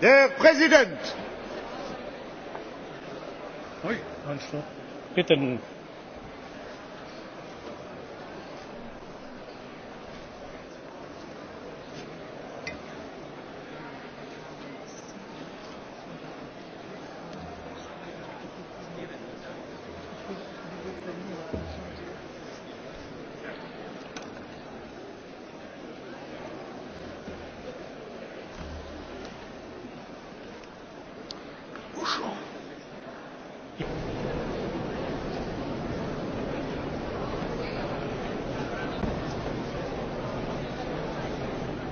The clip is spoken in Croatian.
Der Präsident! Bitte. i